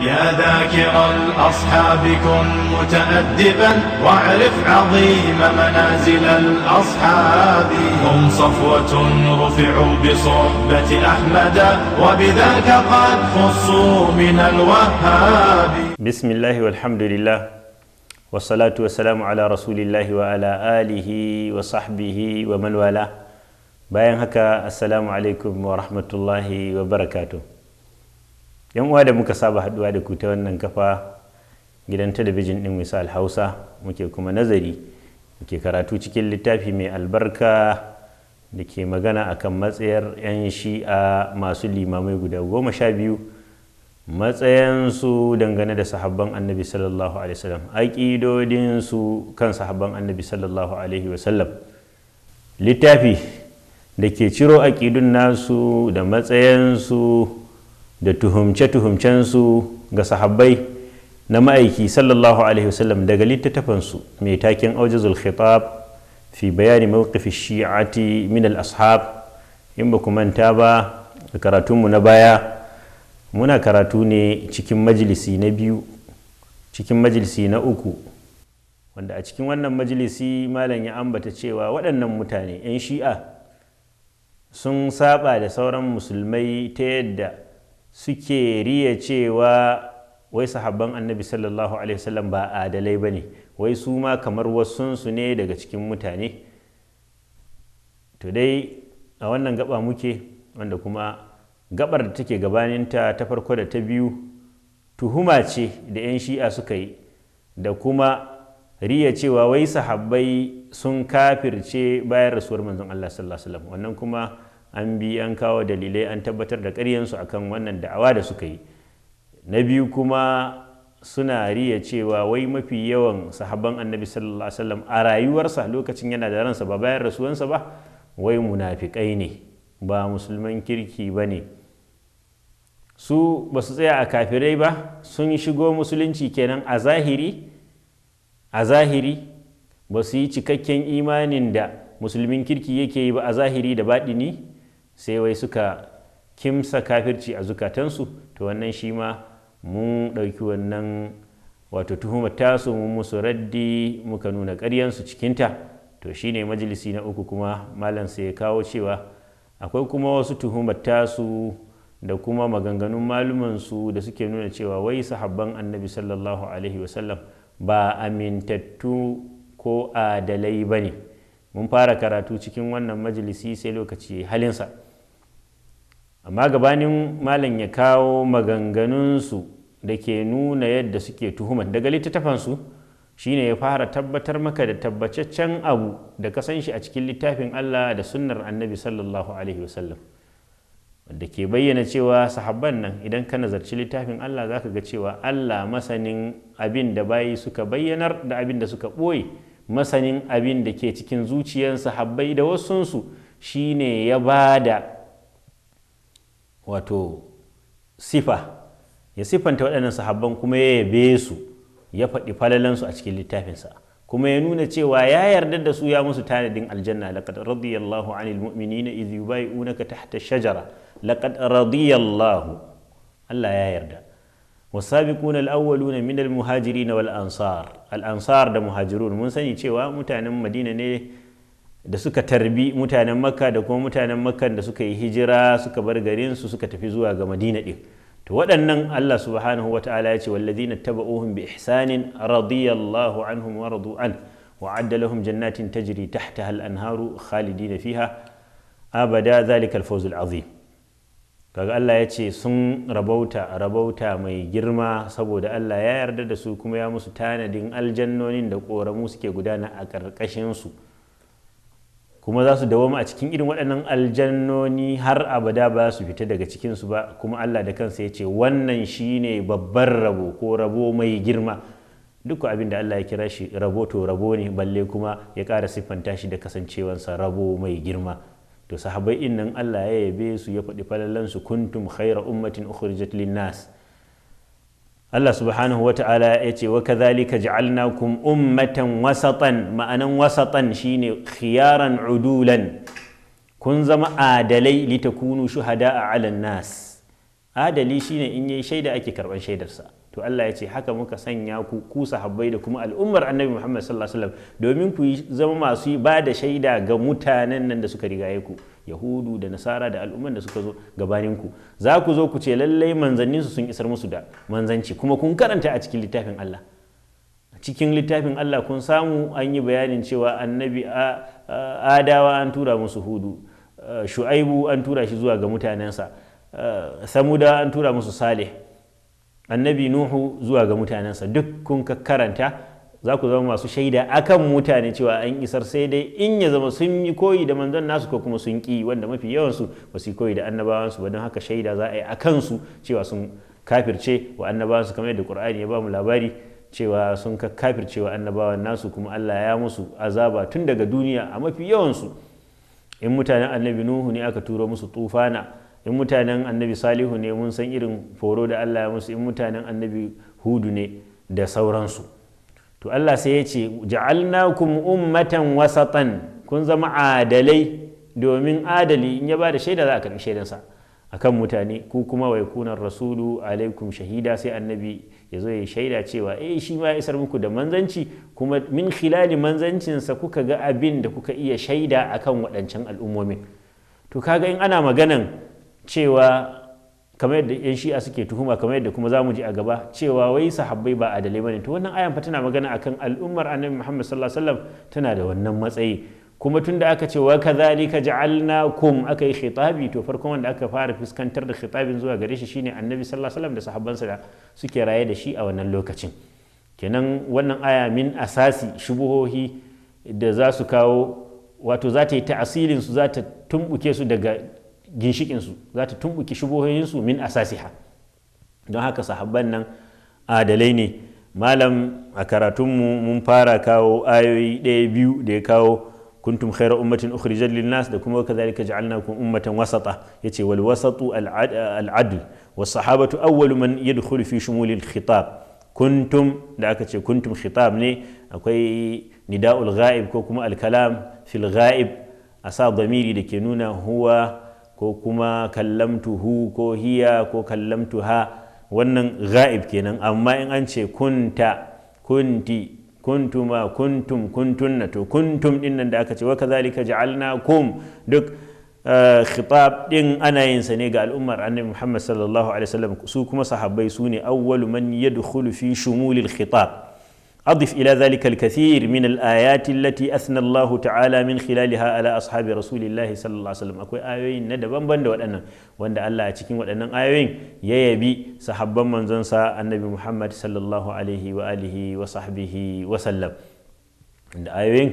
يا ذاكر الأصحاب كن متأدبا واعرف عظيم منازل الأصحاب هم صفوة رفعوا بصحبة أحمد وبذاك قد خصوا من الوهاب بسم الله والحمد لله والصلاة والسلام على رسول الله وعلى آله وصحبه ومن والاه باين هكا السلام عليكم ورحمة الله وبركاته yan uwa da muka saba haduwa da ku ta wannan kafa gidan talabijin din misal hausa muke kuma nazari muke karatu cikin littafi mai albarka da ke magana akan matsayar 'yan shi'a masu limamai guda goma sha biyu matsayansu dangane da sahabban annabi sallallahu alaihi wasallam aƙidodinsu kan sahabban annabi sallallahu alaihi wasallam littafi da ke ciro aƙidun nasu da matsayansu da tuhumce-tuhumcensu ga sahabbai na ma'aiki sallallahu alaihi wasallam daga littattafansu mai taken aujazul khitab fi bayani mawqif shi'ati min al-ashab in ba kuma manta ba da karatunmu na baya muna karatu ne cikin majalisi na biyu cikin majalisi na uku wanda a cikin wannan majalisi malam ya ambata cewa waɗannan mutane 'yan shi'a sun saba da sauran musulmai ta yadda suke riya cewa wai sahabban annabi sallallahu alaihi wasallam ba adalai ba ne wai su ma kamar wasunsu ne daga cikin mutane to dai a wannan gaba muke wanda kuma gabar da take gabaninta ta farko da ta biyu tuhuma ce da 'yan shi'a suka yi da kuma riya cewa wai sahabbai sun kafirce bayan rasuwar manzon Allah sallallahu alaihi wasallam wannan kuma an bi an kawo dalilai an tabbatar da ƙaryansu akan wannan da'awa da suka yi na biyu kuma suna riya cewa wai mafi yawan sahabban annabi sallallahu alaihi wasallam a rayuwarsa lokacin yana da ransa ba bayan rasuwansa ba wai munafikai ne ba musulman kirki ba ne su ba su tsaya a kafirai ba sun shigo musulunci kenan a zahiri a zahiri ba su yi cikakken imanin da musulmin kirki yake yi ba a zahiri da baɗini sai wai suka kimsa kafirci a zukatansu to wannan shi ma mun ɗauki wannan wato tuhumar tasu mun musu raddi muka nuna ƙaryansu cikinta to shi ne majalisi na uku kuma malam sai ya kawo cewa akwai kuma wasu tuhumar tasu da kuma maganganun malumansu da suke nuna cewa wai sahabban annabi sallallahu alaihi wasallam ba amintattu ko adalai ba ne mun fara karatu cikin wannan majalisi sai lokaci halinsa amma gabanin malam ya kawo maganganunsu da ke nuna yadda suke tuhumar daga littattafansu shine ya fara tabbatar maka da tabbataccen abu da ka san shi a cikin littafin Allah da sunnar annabi sallallahu alaihi wasallam wanda ke bayyana cewa sahabban nan idan ka nazarci littafin Allah zaka ga cewa Allah masanin abin da bayi suka bayyanar da abin da suka ɓoye masanin abin da ke cikin zuciyar sahabbai da wasunsu shine ya bada wato sifa ya sifanta waɗannan sahabban kuma ya yabe su ya faɗi falalansu a cikin littafinsa kuma ya nuna cewa ya yarda da su ya musu tanadin aljanna laqad radiyallahu anil mu'minina idh yubayi'unaka tahta shajara laqad radiyallahu Allah ya yarda wasabiquna al-awwaluna min al-muhajirin wal ansar al-ansar da muhajirun mun sani cewa mutanen Madina ne da suka tarbi mutanen makka da kuma mutanen makka da suka yi hijira suka bar garinsu suka tafi zuwa ga madina ɗin to waɗannan allah subhanahu wa ta'ala ya ce wallazina taba'uhum bi ihsanin radiyallahu anhum wa radu an wa adda lahum jannatin tajri tahta hal anharu khalidina fiha abada zalika al-fawz kaga allah ya ce sun rabauta rabauta mai girma saboda allah ya yarda da su kuma ya musu tanadin aljannonin da ƙoramu suke gudana a ƙarƙashin su kuma za su dawoma a cikin irin waɗannan aljannoni har abada ba su fita daga cikinsu ba kuma Allah da kansa ya ce wannan shi ne babban rabo ko rabo mai girma duk abin da Allah ya kira shi rabo to rabo ne balle kuma ya ƙara siffanta shi da kasancewansa rabo mai girma to sahabai nan Allah ya yabe su ya faɗi falalansu kuntum khaira ummatin ukhrijat lin Allah subhanahu wa ta'ala ya ce wa kadhalika ja'alnakum ummatan wasatan ma'anan wasatan shine khiyaran udulan kun zama adalai litakunu a 'alan nas adali shine in yayi shaida ake karban shaidarsa to Allah ya ce haka muka sanya ku ku sahabbai da kuma al'ummar Annabi Muhammad sallallahu alaihi wasallam domin ku zama masu ba da shaida ga mutanen nan da suka rigaye ku yahudu da nasara da al'umman da suka zo gabanin ku za ku zo ku ce lallai manzannin su sun isar musu da manzanci kuma kun karanta a cikin littafin Allah cikin littafin Allah kun samu an yi bayanin cewa annabi adawa an tura musu hudu shu'aibu an tura shi zuwa ga mutanensa samuda an tura musu salih annabi nuhu zuwa ga mutanensa duk kun karanta za ku zama masu shaida akan mutane cewa an isar sai dai in ya zama sun yi koyi da manzon nasu ko kuma sun ki wanda mafi yawansu ba su yi koyi da annabawansu ba don haka shaida za a yi a kansu cewa sun kafirce wa annabawansu kamar yadda qur'ani ya ba mu labari cewa sun kafirce wa annabawan nasu kuma Allah ya musu azaba tun daga duniya a mafi yawansu in mutanen annabi nuhu ne aka turo musu tufana in mutanen annabi salihu ne mun san irin foro da Allah ya musu in mutanen annabi hudu ne da sauransu to Allah sai ya ce ja'alnakum ummatan wasatan kun zama adalai domin adali in ya bada shaida za a karbi shaidansa akan mutane ku kuma wai kunan rasulu alaikum shahida sai annabi ya zo ya shaida cewa eh shi ma ya isar muku da manzanci kuma min khilali manzancinsa kuka ga abin da kuka iya shaida akan waɗancan al'ummomin to kaga in ana maganan cewa kamar yadda yan shi'a suke tuhuma kamar yadda kuma zamu ji a gaba cewa wai sahabbai ba adalai bane to wannan ayan fa tana magana akan al'ummar annabi Muhammad sallallahu alaihi wasallam tana da wannan matsayi kuma tunda aka ce wa kadhalika ja'alnakum aka yi khitabi to farkon wanda aka fara fuskantar da khitabin zuwa gare shi shine annabi sallallahu alaihi wasallam da sahabbansa da suke raye da shi a wannan lokacin kenan wannan aya min asasi shubuhohi da za su kawo wato za ta yi ta'asilin su za ta tumbuke su daga ginshikinsu za ta tumbuki shubohinsu min asasiha don haka sahabban nan adalai ne malam a karatunmu mun fara kawo ayoyi ɗaya biyu da ya kawo kuntum khaira ummatin ukhrijat lin nas da kuma kadhalika ja'alnakum ummatan wasata yace wal wasatu al adl was sahabatu awwal man yadkhulu fi shumul al khitab kuntum da aka ce kuntum khitab ne akwai nida'ul ghaib ko kuma al kalam fil ghaib asa damiri da ke nuna huwa ko kuma kallamtuhu ko hiya ko kallamtuha wannan ga'ib kenan amma in an ce kunta kunti kuntuma kuntum kuntunna to kuntum din nan da aka ce wa kazalika ja'alnakum duk khitab din ana yin sa ne ga al'ummar annabi Muhammad sallallahu alaihi wasallam su kuma sahabbai su ne awwalu man yadkhulu fi shumulil khitab أضف إلى ذلك الكثير من الآيات التي أثنى الله تعالى من خلالها على أصحاب رسول الله صلى الله عليه وسلم أكو آيوين ندبان بند وأنا وأن الله أتكين وأنا آيوين يبي صحبا من زنسى النبي محمد صلى الله عليه وآله وصحبه وسلم عند آيوين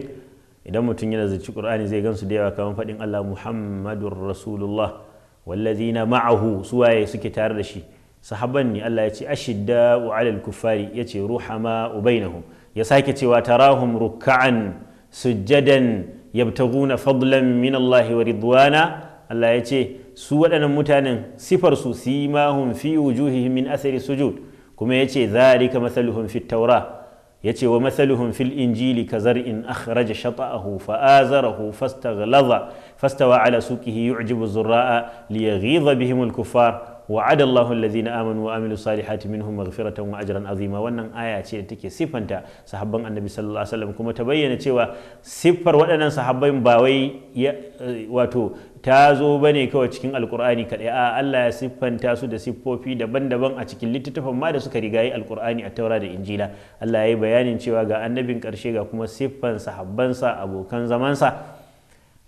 idan mutum yana zaci qur'ani zai gansu da yawa kamar faɗin Allah Muhammadur Rasulullah wallazina ma'ahu suwaye suke tare da shi sahabban ne Allah ya ce ashidda wa alal kufari ya ce ruhama ubainahum ya sake cewa tarahum rukka'an sujjadan yabtaguna fadlan min Allah wa ridwana Allah ya ce su waɗannan mutanen sifar su simahum fi wujuhihim min athari sujud kuma ya ce zalika masaluhum fi taura ya ce wa masaluhum fil injili kazar in akhraja shata'ahu fa azarahu fastaghlaza fastawa ala suqihi yu'jibu zurra'a li yaghidha bihim al-kuffar wa'ada Allahu allazina amanu wa amilu salihati minhum maghfiratan wa azima wannan aya ce da take siffanta sahabban annabi sallallahu alaihi wasallam kuma ta bayyana cewa siffar waɗannan sahabbai ba wai eh, wato ta zo bane kawai cikin alkur'ani kaɗai a Allah ya siffanta su da siffofi daban-daban a cikin littattafan ma da suka riga yi alkur'ani a taura da injila Allah ya yi bayanin cewa ga annabin ƙarshe ga kuma siffan sahabbansa abokan zamansa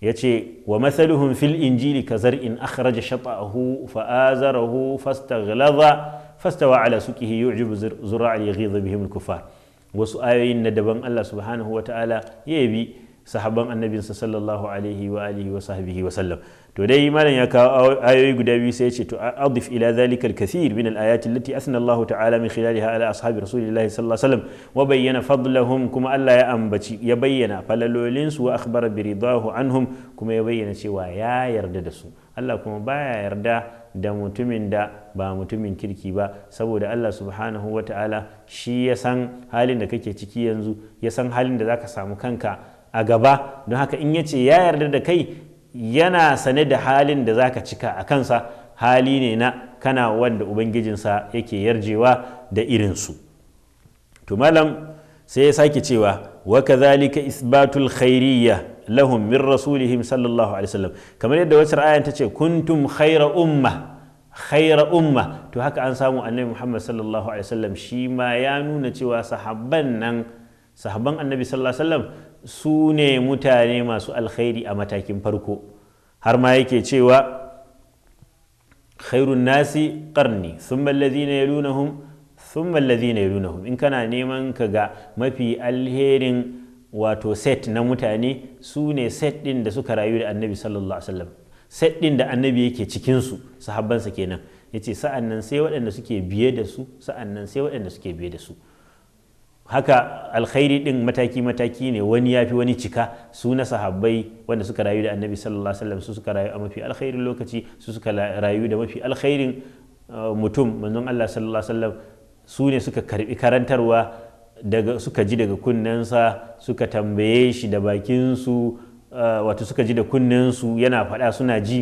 ya ce wa masaluhun fil injili kazar in akhraja shata'ahu fa'azarahu fastaghlaza fastawa ala suqihi yu'jibu zura'a yaghidha bihim al-kuffar wasu ayoyin na daban Allah subhanahu wa ta'ala ya yabi sahaban annabinsa sallallahu alaihi wa alihi wa sahbihi wa sallam to dai malam ya kawo ayoyi guda biyu sai ya ce to adif ila zalika alkathir min alayat allati athna Allah ta'ala min khilaliha ala ashabi rasulillahi sallallahu alaihi wasallam wa bayyana fadlahum kuma Allah ya ambaci ya bayyana falalolin su wa akhbara bi ridahu anhum kuma ya bayyana cewa ya yarda da su Allah kuma baya yarda da mutumin da ba mutumin kirki ba saboda Allah subhanahu wa ta'ala shi ya san halin da kake ciki yanzu ya san halin da zaka samu kanka a gaba don haka in yace ya yarda da kai yana sane da halin da zaka cika a kansa hali ne na kana wanda ubangijinsa yake yarjewa da irinsu to malam sai ya sake cewa wa kadhalika isbatul khairiyya lahum min rasulihim sallallahu alaihi wasallam kamar yadda wacce ayan ta ce kuntum khaira umma khaira umma to haka an samu annabi Muhammad sallallahu alaihi wasallam shi ma ya nuna cewa sahabban nan sahabban annabi sallallahu alaihi wasallam su ne mutane masu alkhairi a matakin farko har ma yake cewa khairun nasi karni sun mallazi na hun sun mallazi na hun in kana neman ka ga mafi alherin wato set na mutane su ne set ɗin da suka rayu da annabi sallallahu alaihi wasallam set ɗin da annabi yake cikinsu sahabbansa kenan ya ce sa'an nan sai waɗanda suke biye da su sa'an nan sai waɗanda suke biye da su haka alkhairi din mataki-mataki ne wani ya fi wani cika su na sahabbai wanda suka rayu da annabi sallallahu alaihi wasallam su suka rayu a mafi alkhairin lokaci su suka rayu da mafi alkhairin uh, mutum manzon Allah sallallahu alaihi wasallam su ne suka karbi karantarwa daga suka ji daga kunnensa suka tambaye shi da bakinsu uh, wato suka ji da kunnensu yana faɗa suna ji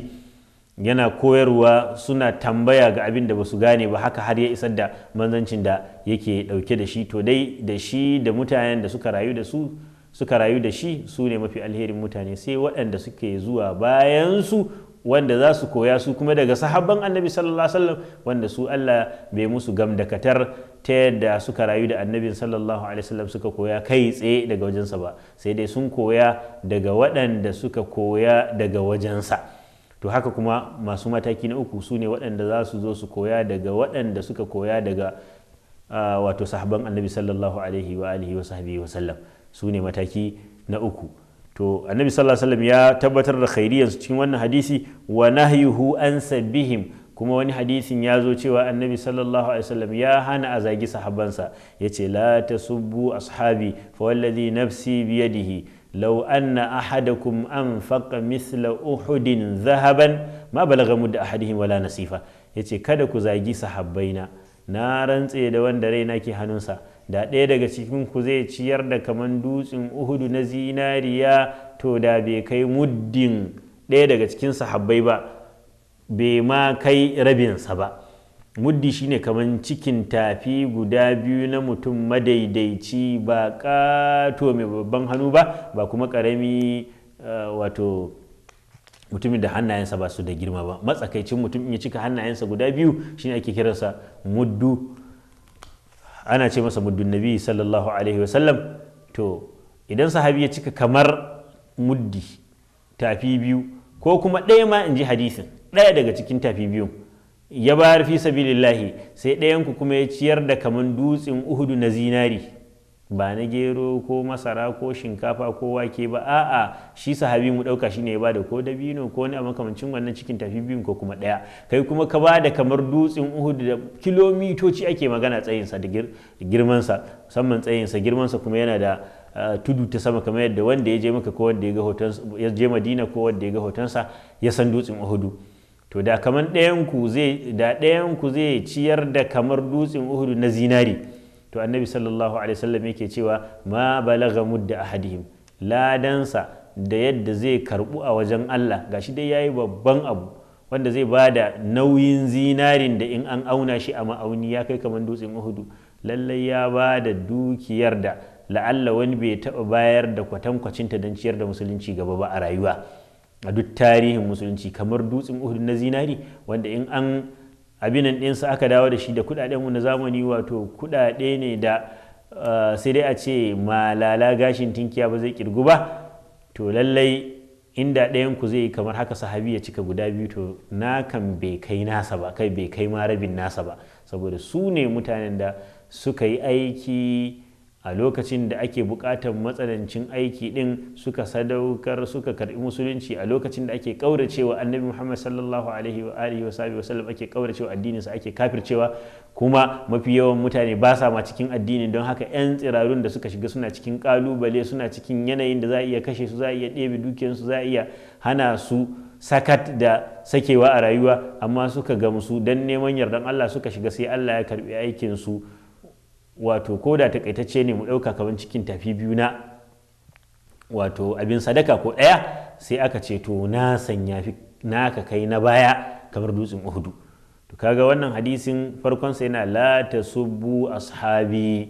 yana koyarwa suna tambaya ga abin da ba su gane ba haka har ya isar da manzancin da yake dauke da shi to dai da shi da mutanen da suka rayu da su suka rayu da shi su ne mafi alherin mutane sai waɗanda suke zuwa bayan su wanda za su koya su kuma daga sahabban annabi sallallahu alaihi wasallam wanda su Allah bai musu gamdakatar ta yadda suka rayu da annabin sallallahu alaihi wasallam suka koya kai tsaye daga wajensa ba sai dai sun koya daga waɗanda suka koya daga wajensa to haka kuma masu mataki na uku su ne waɗanda za su zo su koya daga waɗanda suka koya daga wato sahaban annabi sallallahu alaihi wa alihi wa sahbihi wa sallam su ne mataki na uku to annabi sallallahu alaihi ya tabbatar da su cikin wannan hadisi wa nahyuhu an sabbihim kuma wani hadisin ya zo cewa annabi sallallahu alaihi wasallam ya hana a zagi sahabansa ya ce la tasubbu ashabi fa wallazi nafsi biyadihi لو أن أحدكم أنفق مثل أحد ذهبا ما بلغ مد أحدهم ولا نصيفا yace kada ku zagi sahabbaina na Na rantse da wanda raina ke hannunsa da ɗaya daga cikin ku zai ciyar da kaman dutsin uhudu na zinariya to da bai kai muddin ɗaya daga cikin sahabbai ba bai ma kai rabinsa ba muddi shine kamar cikin tafi guda biyu na mutum madaidaici ba kato mai babban hannu ba ba kuma karami eh, wato mutumin da hannayensa ba su da girma ba matsakaicin mutum ya cika hannayensa guda biyu shine ake kiransa muddu ana ce masa muddun nabi sallallahu alaihi wasallam to idan sahabi ya cika kamar muddi tafi biyu ko kuma ɗaya ma in ji hadisin ɗaya daga cikin tafi biyun ya bayar fi sabilillahi sai ɗayanku kuma ya ciyar da kamar dutsen uhudu na zinari ba na gero ko masara ko shinkafa ko wake ba a'a shi sahabi mu ɗauka shi ne ya bada ko dabino ko wani a makamancin wannan cikin tafi biyun ko kuma ɗaya kai kuma ka ba da kamar dutsen uhudu da kilomitoci ake magana tsayinsa da girmansa musamman tsayinsa girmansa kuma yana da tudu ta sama kamar yadda wanda ya je maka ko wanda ya ga hotonsa ya je madina ko wanda ya ga hotonsa ya san dutsen uhudu to da kamar ɗayanku zai ciyar da kamar dutsen uhudu na zinari to annabi sallallahu alaihi wasallam yake cewa ma balaga mudda ahadihim ladansa da yadda zai karbu a wajen Allah gashi dai yayi babban abu wanda zai ba da nauyin zinarin da in an auna shi a ma'auni ya kai kamar dutsen uhudu lallai ya ba da dukiyar da la'alla wani bai taɓa bayar da kwatankwacinta don ciyar da musulunci gaba ba a rayuwa a duk tarihin musulunci kamar dutsen uhud na zinari wanda in an abinan ɗinsa aka dawo da shi da kuɗaɗenmu na zamani wato kuɗaɗe ne da eh, sai dai a ce malala gashin tinkiya ba zai kirgu ba to lallai inda ɗayan ku zai kamar haka sahabi ya cika guda biyu to na kan bai kai nasa ba kai bai kai ma rabin nasa ba saboda su ne mutanen da suka yi aiki a lokacin da ake buƙatar matsanancin aiki ɗin suka sadaukar suka karbi musulunci a lokacin da ake ƙauracewa annabi muhammad sallallahu alaihi wa alihi wa sahbihi wasallam ake ƙauracewa addininsa ake kafircewa kuma mafi yawan mutane ba sa ma cikin addini, don haka 'yan tsirarun da suka shiga suna cikin kalubale suna cikin yanayin da za a iya kashe su za a iya ɗebe su, za a iya hana su sakat da sakewa a rayuwa amma suka gamsu don neman yardan Allah suka shiga sai Allah ya karbi su wato ko da takaitacce ne mu ɗauka kamar cikin tafi biyu na wato abin sadaka ko ɗaya sai aka ce to na sanya fi ka kai na baya kamar dutsen uhudu to kaga wannan hadisin farkon sai yana la tasubbu ashabi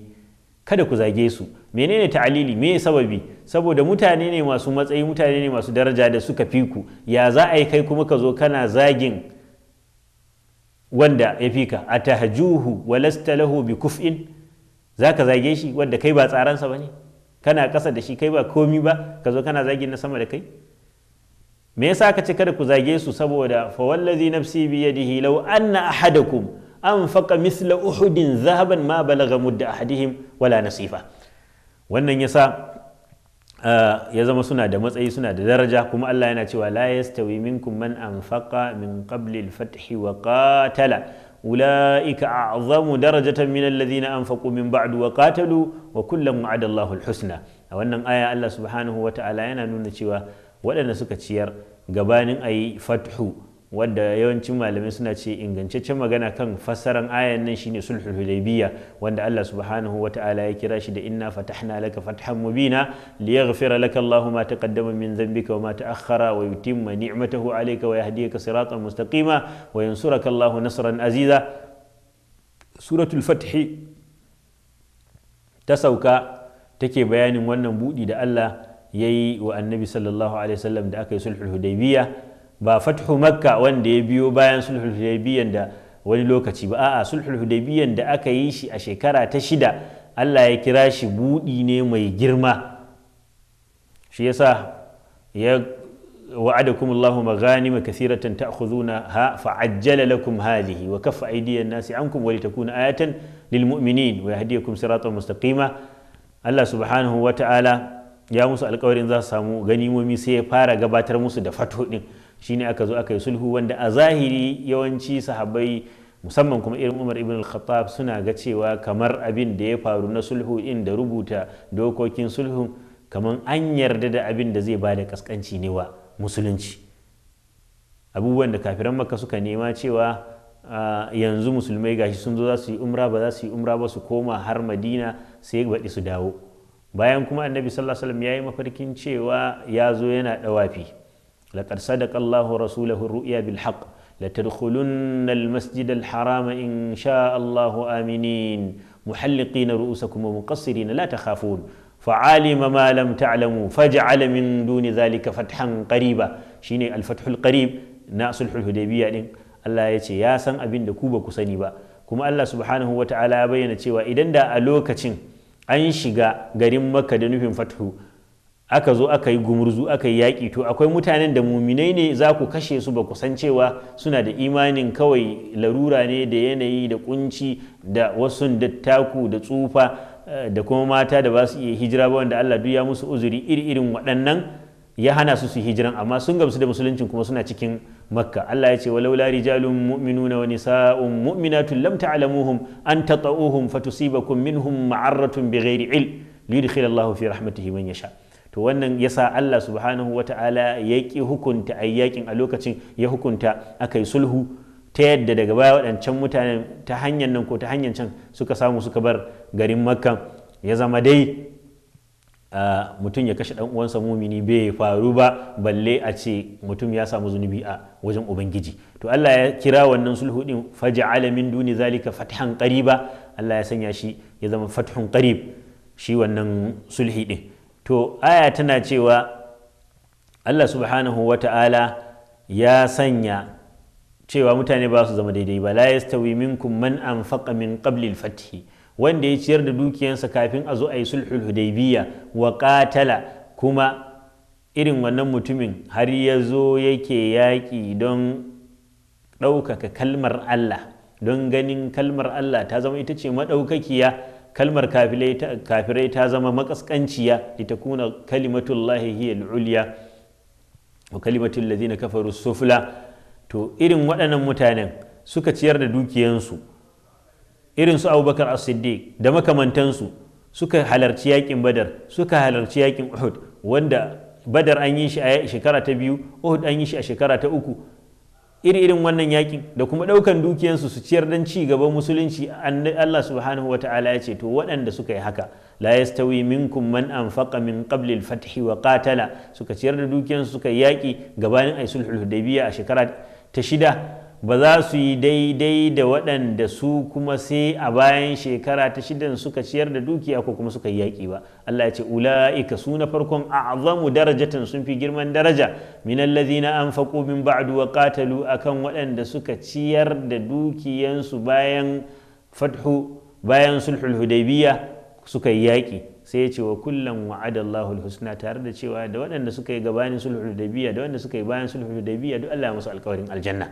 kada ku zage su menene ta'alili me sababi saboda mutane ne masu matsayi mutane ne masu daraja da suka fi ku ya za a yi kai kuma ka zo kana zagin wanda ya fi ka a tahjuhu walasta lahu kuf'in za ka zage shi wanda kai ba tsaransa ba ne kana ƙasa da shi kai ba komi ba ka zo kana zagin na sama da kai me yasa ka ce kada ku zage su saboda fa wallazi nafsi bi yadihi law anna ahadakum anfaqa misla uhudin zahaban ma balagha mudda ahadihim wala nasifa wannan yasa ah, ya zama suna da matsayi suna da daraja kuma Allah yana cewa la yastawi minkum man anfaqa min qabli al-fath wa qatala أولئك أعظم درجة من الذين أنفقوا من بعد وقاتلوا وكلا وعد الله الحسنى wannan aya Allah subhanahu wa ta'ala yana nuna cewa waɗanda suka ciyar gabanin a yi fathu wadda yawancin malamai suna ce ingantaccen magana kan fassaran ayan nan shine sulhul hudaybiyya wanda Allah subhanahu wata'ala ya kira shi da inna fatahna laka fathan mubina liyaghfira laka Allahu ma taqaddama min dhanbika wa ma ta'akhkhara wa yutimma ni'matahu 'alayka wa yahdiyaka siratan mustaqima wa yansuraka Allahu nasran aziza suratul fath ta sauka take bayanin wannan budi da Allah yayi wa annabi sallallahu alaihi wasallam da aka yi sulhul hudaybiyya ba fathu makka wanda ya biyo bayan sulhul hudaybiyyan da wani lokaci ba a'a sulhul hudaybiyyan da aka yi shi a shekara ta shida Allah ya kira shi buɗi ne mai girma shi yasa ya wa'adakum Allahu maghanim kathiratan ta'khuduna ha fa'ajjala lakum hadhihi wa kaffa aydiyan nasi ankum wa litakuna ayatan lilmuminin mu'minin wa yahdiyakum siratan mustaqima Allah subhanahu wa ta'ala ya musu alƙawarin za su samu ganimomi sai ya fara gabatar musu da fatho din shine aka zo aka yi sulhu wanda a zahiri yawanci sahabbai musamman kuma irin umar ibn al-khattab suna ga cewa kamar abin da ya faru na sulhu in da rubuta dokokin sulhun kamar an yarda da abin da zai bada kaskanci ne wa musulunci abubuwan da kafiran maka suka nema cewa yanzu musulmai gashi sun zo za su yi umra ba za su yi umra ba su koma har madina sai baɗi su dawo bayan kuma annabi sallallahu alaihi wasallam ya yi mafarkin cewa ya zo yana dawafi. لقد صدق الله رسوله الرؤيا بالحق لتدخلن المسجد الحرام إن شاء الله آمنين محلقين رؤوسكم ومقصرين لا تخافون فعلم ما لم تعلموا فجعل من دون ذلك فتحا قريبا شيني الفتح القريب ناس الحديبية دين الله يتي يا سن أبين دكوبا كسنيبا كما الله سبحانه وتعالى بينا تيوا إذن دا ألوكتين أنشغا غريم مكة دنوفين فتحو aka zo aka yi gumurzu aka yi yaƙi to akwai mutanen da muminai ne za ku kashe su ba ku san cewa suna da imanin kawai larura ne da yanayi da kunci da wasu dattaku da tsufa eh, da kuma mata da ba su iya hijira ba wanda Allah duk ya musu uzuri iri irin waɗannan ya hana su su hijiran amma sun gamsu da musuluncin kuma suna cikin makka Allah ya ce walaula rijalun mu'minuna wa nisa'un mu'minatun lam ta'lamuhum an tata'uhum fatusibakum minhum ma'arratun bighairi ilm liyudkhilallahu fi rahmatihi man yasha' to wannan yasa Allah subhanahu wata'ala ya ƙi hukunta ayyakin a lokacin ya hukunta aka yi sulhu ta yadda daga baya waɗancan mutanen ta hanyar nan ko ta hanyar can suka samu suka bar garin makka ya zama dai mutum ya kashe uwansa mumini bai faru ba balle a ce mutum ya samu zunubi a wajen ubangiji to Allah ya kira wannan sulhu din faja'ala min duni zalika fathan qariba Allah ya sanya shi ya zama fathun qarib shi wannan sulhi din to aya tana cewa Allah subhanahu wa ta'ala ya sanya cewa mutane ba su zama daidai ba la yastawi minkum man anfaqa min qabli al wanda ya ciyar da dukiyansa kafin a zo a yi sulhul hudaybiya wa qatala kuma irin wannan mutumin har ya zo yake yaƙi don ɗaukaka kalmar Allah don ganin kalmar Allah ta zama ita ce maɗaukakiya kalmar kafirai ta zama makaskanciya litakuna kalimatullahi hiya al wa kalimatul ladina kafaru sufla to irin waɗannan mutanen suka ciyar da dukiyansu irin su abubakar as-siddiq da makamantansu suka halarci yakin badar suka halarci yakin uhud wanda badar an yi shi a shekara ta biyu uhud an yi shi a shekara ta uku iri-irin wannan yakin da kuma ɗaukan dukiyansu su ciyar dan ci gaban musulunci Allah subhanahu wa ta'ala ya ce to waɗanda suka yi haka la yastawi minkum man anfaqa min qabli al-fathi wa qatala suka ciyar da dukiyansu suka yi yaki gabanin ay sulhul hudaybiyya a shekara ta shida ba za su yi daidai da waɗanda su kuma sai a bayan shekara ta shidan suka ciyar da dukiya ko kuma suka yi yaƙi ba Allah ya ce ula'ika su na farkon a'zamu darajatan sun fi girman daraja min an faƙo min ba'du wa a akan waɗanda suka ciyar da dukiyansu bayan fathu bayan sulhul hudaybiya suka yi yaƙi sai ya ce wa kullum wa'ada husna tare da cewa da waɗanda suka yi gabanin sulhul hudaybiya da waɗanda suka yi bayan sulhul hudaybiya duk Allah ya musu alƙawarin aljanna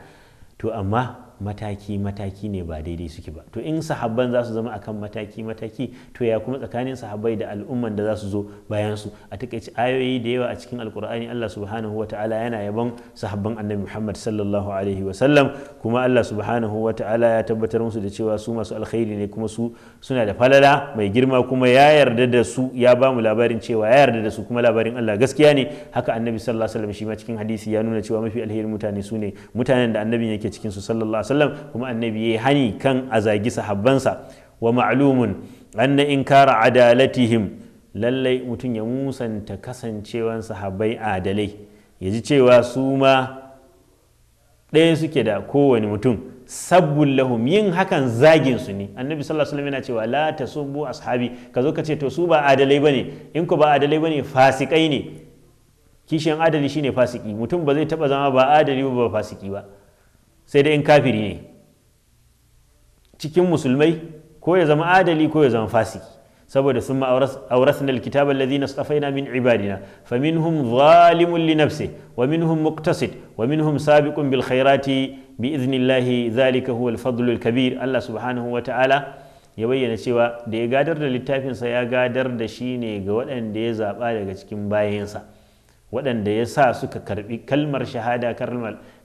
to amma mataki-mataki ne ba daidai suke ba to in sahabban za su zama akan mataki-mataki to ya kuma tsakanin sahabbai da al'umman da za su zo bayan su a takaici ayoyi da yawa a cikin alkur'ani Allah subhanahu wa ta'ala yana yabon sahabban annabi Muhammad sallallahu alaihi wa sallam kuma Allah subhanahu wa ta'ala ya tabbatar musu da cewa su masu alkhairi ne kuma su suna da falala mai girma kuma ya yarda da su ya ba mu labarin cewa ya yarda da su kuma labarin Allah gaskiya ne haka annabi sallallahu alaihi wasallam shi ma cikin hadisi ya nuna cewa mafi alherin mutane su ne mutanen da annabi yake cikin su sallallahu alaihi wasallam kuma annabi yayi hani kan azagi sahabbansa wa ma'lumun anna inkara adalatihim lallai mutum ya musanta kasancewan sahabbai adalai yaji cewa su ma ɗaya suke da kowane mutum sabbun lahum yin hakan zagin su ne annabi sallallahu alaihi yana cewa la tasubbu ashabi ka zo ka ce to su ba adalai bane in ku ba adalai bane fasikai ne Kishin adali shine fasiki mutum ba zai taba zama ba adali ba fasiki ba sai dai in kafiri ne cikin musulmai ko ya zama adali ko ya zama fasiki saboda sun ma'aurasna alkitaba na istafaina min ibadina hum zalimun li nafsi wa minhum muktasid. wa minhum sabiqun bil khairati bi iznillahi zalika huwa al kabir Allah subhanahu wa ta'ala ya bayyana cewa da ya gadar da littafinsa ya gadar da shi ne ga waɗanda ya zaɓa daga cikin bayansa waɗanda ya sa suka karɓi kalmar shahada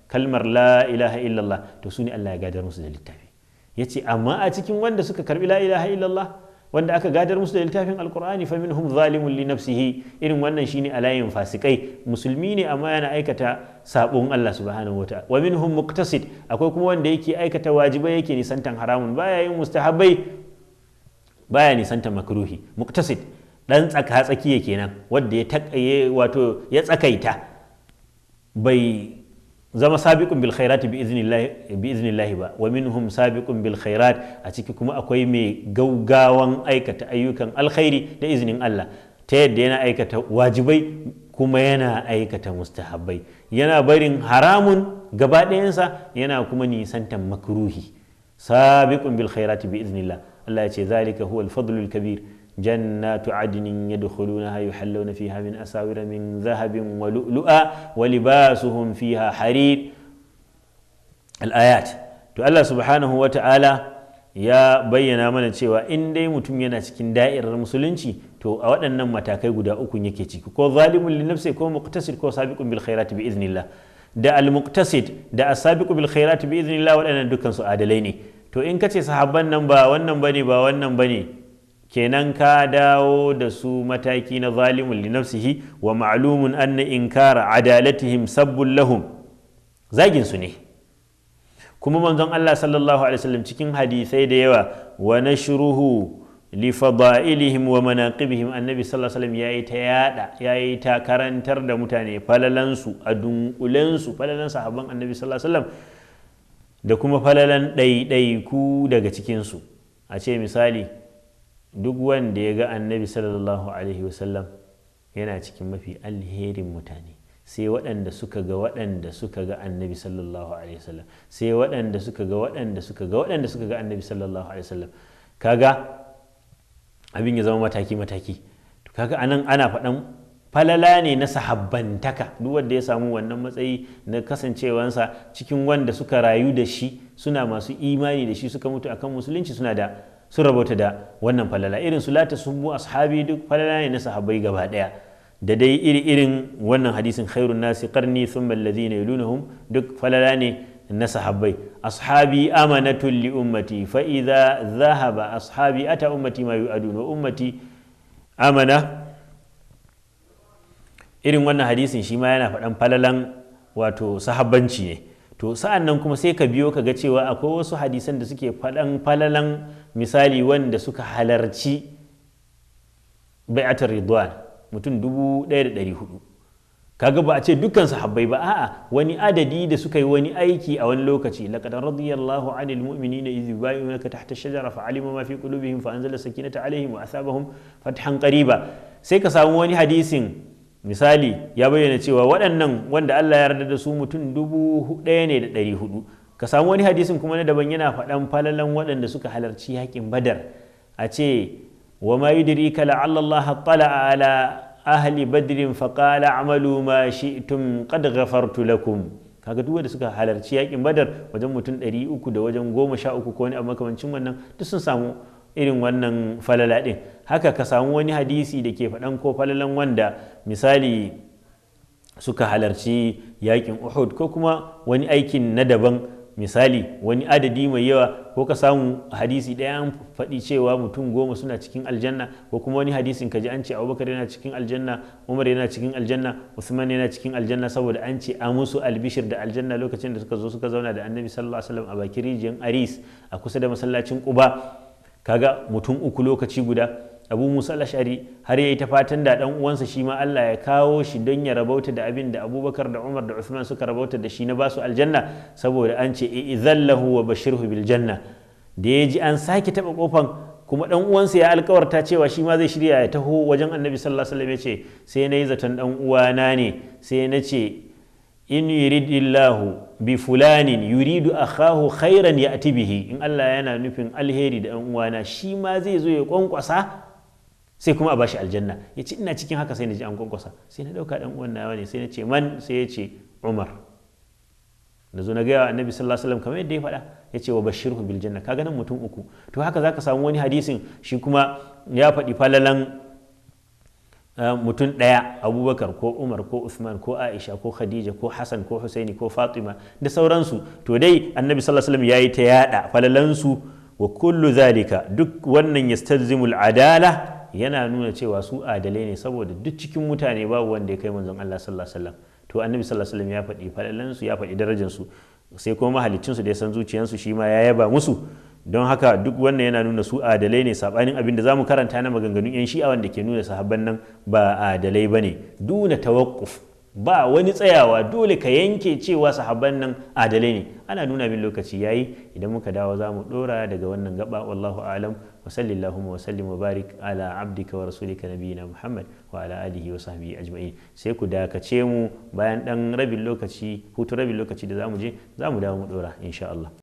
kalmar la ilaha illallah to su ne Allah ya gadar musu da littafi ya ce amma a cikin wanda suka karɓi la ilaha illallah wanda aka gadar musu da littafin alkur'ani fa minhum zalimun li nafsihi irin wannan shine alayin fasikai musulmi ne amma yana aikata sabon Allah subhanahu wata wa minhum muqtasid akwai kuma wanda yake aikata wajibai yake nisantan haramun baya yin mustahabbai baya nisantan makruhi muqtasid dan tsaka tsakiya kenan wanda ya wato ya tsakaita bai zama sabiqun bil khairati bi iznillahi ba wa minhum sabiqun bil khairat a ciki kuma akwai mai gaugawan aikata ayyukan alkhairi da iznin Allah ta yadda yana aikata wajibai kuma yana aikata mustahabbai yana barin haramun gaba ɗayansa yana kuma nisantan makruhi sabiqun bil khairati bi iznillah Allah ya ce zalika huwa al-fadlul kabir جنات عدن يدخلونها يحلون فيها من أساور من ذهب ولؤلؤا ولباسهم فيها حرير الآيات to Allah subhanahu wa ta'ala ya bayyana mana cewa in dai mutum yana cikin da'irar musulunci to a waɗannan matakai guda uku yake ciki ko zalimun nafsi ko muqtasid ko sabiqun bil khairat bi iznillah da al muqtasid da asabiqu bil khairat bi iznillah waɗannan dukkan su adalai ne to in kace sahabban nan ba wannan bane ba wannan bane kenan ka dawo da su mataki na zalimun li nafsihi wa ma'lumun anna inkara adalatihim sabbun lahum zagin su ne kuma manzon Allah sallallahu alaihi wasallam cikin hadisai da yawa wa nashruhu li fada'ilihim wa manaqibihim annabi sallallahu alaihi wasallam yayi ta yada yayi ta karantar da mutane falalan su a su falalan sahabban annabi sallallahu alaihi wasallam da kuma falalan ɗaiɗaiku daga cikin su a ce misali duk wanda ya ga annabi sallallahu alaihi wasallam yana cikin mafi alherin mutane sai waɗanda suka ga waɗanda suka ga annabi sallallahu alaihi wasallam sai waɗanda suka ga waɗanda suka ga waɗanda suka ga annabi sallallahu alaihi wasallam kaga abin ya zama mataki mataki to kaga anan ana faɗan falala ne na sahabbantaka duk wanda ya samu wannan matsayi na kasancewansa cikin wanda suka rayu da shi suna masu imani da shi suka mutu akan musulunci suna da sun rabota da wannan falala irin su lata bu ashabi duk falala ne na sahabbai gaba daya da dai iri irin wannan hadisin khairun nasi qarni thumma alladhina yalunhum duk falala ne na sahabbai ashabi amanatun li ummati fa idza dhahaba ashabi ata ummati ma yu'adun wa ummati amana irin wannan hadisin shi ma yana faɗan falalan wato sahabbanci ne to sa'an nan kuma sai ka biyo ka ga cewa akwai wasu hadisan da suke faɗan falalan misali wanda suka halarci bai'atar ridwan mutum dubu ɗaya da ɗari hudu kaga ba a ce dukkan sahabbai ba a'a wani adadi da suka yi wani aiki a wani lokaci laqad radiyallahu anil mu'minina idh yubayyinuka tahta shajara fa alima ma fi qulubihim fa anzala sakinata 'alayhim wa asabahum fathan qariba sai ka samu wani hadisin misali ya bayyana cewa waɗannan wanda Allah ya yarda da su mutum dubu ɗaya ne da ɗari hudu ka samu wani hadisin kuma na daban yana faɗan falalan waɗanda suka halarci yaƙin badar a ce wa ma yudrika la'alla Allah tala ala ahli badrin fa qala amalu ma shi'tum qad ghafartu lakum kaga duk wanda suka halarci yaƙin badar wajen mutum ɗari uku da wajen goma sha uku ko wani abu makamancin wannan duk sun samu irin wannan falala ɗin haka ka samu wani hadisi da ke faɗan ko falalan wanda misali suka halarci yakin uhud ko kuma wani aikin na daban misali wani adadi mai yawa ko ka samu hadisi ɗaya an faɗi cewa mutum goma suna cikin aljanna ko kuma wani hadisin ka ji an ce abubakar yana cikin aljanna umar yana cikin aljanna usman yana cikin aljanna saboda an ce a musu albishir da aljanna lokacin da suka zo suka zauna da annabi sallallahu alaihi wasallam a bakin rijiyar aris a kusa da masallacin quba kaga mutum uku lokaci guda abu musa al har ya yi ta fatan da dan uwansa shi ma Allah ya kawo shi don ya rabauta da abin da abubakar da umar da usman suka rabauta da shi na basu aljanna saboda an ce izallahu wa bashirhu bil janna da ya ji an sake taba kofan kuma dan uwansa ya alkawarta cewa shi ma zai shirya ya taho wajen annabi sallallahu alaihi wasallam ya ce sai na yi zaton dan uwana ne sai na ce in yuridillahu bi fulanin yuridu akhahu khairan ya'ti bihi in Allah yana nufin alheri da ɗan uwana shi ma zai zo ya kwankwasa sai kuma a bashi aljanna ya ce ina cikin haka sai na ji an kwankwasa sai na ɗauka ɗan uwan nawa ne sai na ce man sai ya ce Umar da zo na gaya wa annabi sallallahu alaihi wasallam kamar yadda ya faɗa ya ce wa bashirhu bil janna kaga nan mutum uku to haka zaka samu wani hadisin shi kuma ya faɗi falalan Eh, mutum ɗaya abubakar ko umar ko usman ko aisha ko khadija ko hassan ko husaini ko fatima da sauransu to dai annabi sallallahu alaihi wasallam yayi ta yada falalansu wa kullu zalika duk wannan yastalzimul adala yana nuna cewa su adalai ne saboda duk cikin mutane babu wanda ya kai manzon Allah sallallahu alaihi wasallam to annabi sallallahu alaihi ya faɗi falalansu ya faɗi darajansu sai kuma mahaliccinsu da ya san zuciyarsu shi ma ya yaba musu don haka duk wannan yana nuna su adalai ne sabanin abin da za mu karanta na maganganun 'yan shi'a wanda ke nuna sahabban nan ba adalai ba ne duna tawakkuf ba wani tsayawa dole ka yanke cewa sahabban nan adalai ne ana nuna min lokaci yayi idan muka dawo za mu dora daga wannan gaba wallahu alam wa sallallahu wa sallim wa barik ala abdika wa rasulika nabiyina muhammad wa ala alihi wa sahbihi ajma'in sai ku dakace mu bayan dan rabin lokaci hutu rabin lokaci da za mu je zamu dawo mu dora insha Allah